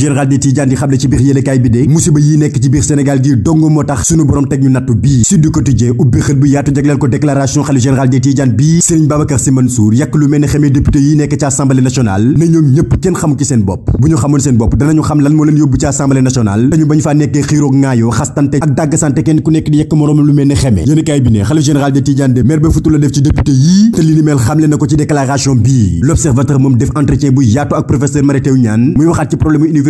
général des Tidianes di xam ci biir yéenekaay bi de musiba yi nekk ci biir Sénégal gi dong moo tax suñu borom teg ñu nattu bii Sud Quotidien ubbi xët bu yaatu jagleel ko déclaration xalif général des Tidianes bii Serigne Babacar Sy Mansour yàq lu mel ne xamee député yi nekk ci assemblée nationale ne ñoom ñëpp kenn xamu ci seen bopp lan moo leen yóbbu ci assemblée nationale dañu bañ faa nekkee xiiroog ŋaayoo xastante ak dàggasante kenn ku nekk di yekk moroom lu mel ni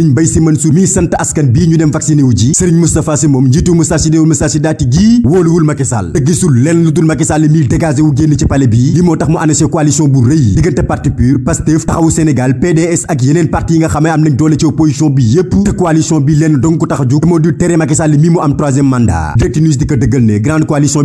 Serigne Mbaye Sy Mansour mi sant askan bii ñu dem vacciné ji Serigne Moustapha Sy moom njiitu Moustarchidine wal Moustarchidaty gii wóoluwul Macky te gisul lenn lu dul Macky Sall mi génn ci palais bi li moo tax mu annoncé coalition bu rëy diggante parti pur Pastef Taxawu Sénégal PDS ak yeneen parti nga xamee am nañ doole ci opposition bi yépp te coalition bi lenn dong tax a jóg moo tere Macky Sall mu am troisième mandat direct news di ko dëggal ne grande coalition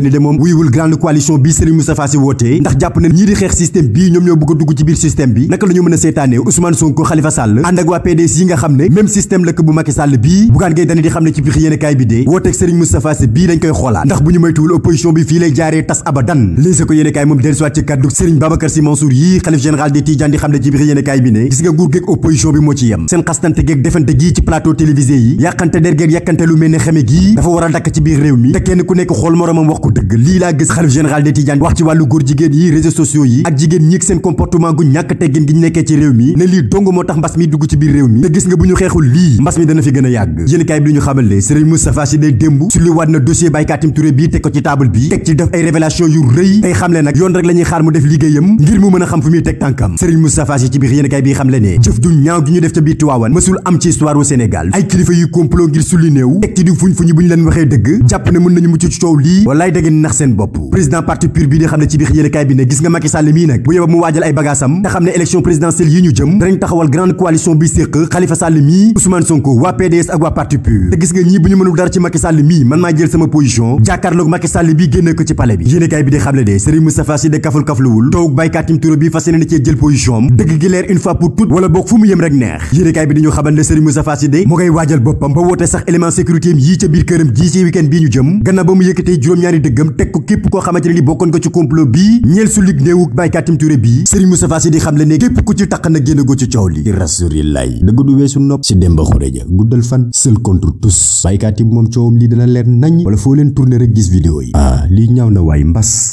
dañu de moom wuyuwul grande coalition bii Serigne Moustapha Sy wootee ndax jàpp na ñii xeex système bii ñoom ñoo bëgg a dugg ci biir système bi naka la mën a seetaane Ousmane Sonko Khalifa Sall ànd ak waa PDS yi nga xam ne même système la ko bu Macky Sall bii bugaan ngay dañu di xam ne ci biir yéenekaay bi dee wooteeg Serigne Moustapha Sy bii dañ koy xoolaat ndax bu ñu moytuwul opposition bi fii lay jaaree tas abadan Les Échos yéenekaay moom bi ne gis nga nguur géeg wax ko dëgg lii laa gis xalif général de Tidiane wax ci wàllu góor jigéen yi réseaux sociaux yi ak jigéen ñi seen comportement gu ñàkk teggin gi nekkee ci réew mi ne lii dong moo tax mbas mi dugg ci biir réew mi teg ko ci table bi teg ci def ay révélation yu rëy tey xam nag yoon rek la xaar mu def liggéeyam ngir mu mën a xam fu muy teg tànkam Serigne Moustapha Sy ci biir yéen kaay bi xam ne jëf ju ñaaw gi ñu def ca biir Tiwaawan mësul am ci histoire wu Sénégal wallaay président parti pur bi di xam ne ci biir yéenekaay bi ne gis nga Macky Sall mii nag bu yóbbu mu waajal ay bagaasam te xam ne élection présidentielle yi ñu jëm danañ taxawal grande coalition bi séq Khalifa Sall mii Ousmane Sonko waa PDS ak waa parti pur te gis nga ñii bu ñu mënul dara ci Macky Sall mii man maa jël sama position jàkkaarloog Macky Sall bi génne ko ci palais bi yéenekaay bi di xam ne de Serigne Moustapha Sy de kaful kafluwul toog baykat yim ñaari dëggam teg ko képp koo xamante ne ni bokkoon ci complot bii ñeel su lig néewuk Baye Katim Touré bii Serigne di xam le ne képp ku ci taq na génn goo ci coow li di rasulillahi dëgg du weesu nopp si Demba Xureja guddal fan seul contre tous Baye moom coowam lii dana leer nañ wala foo leen tourner rek gis vidéo yi ah lii na waay mbas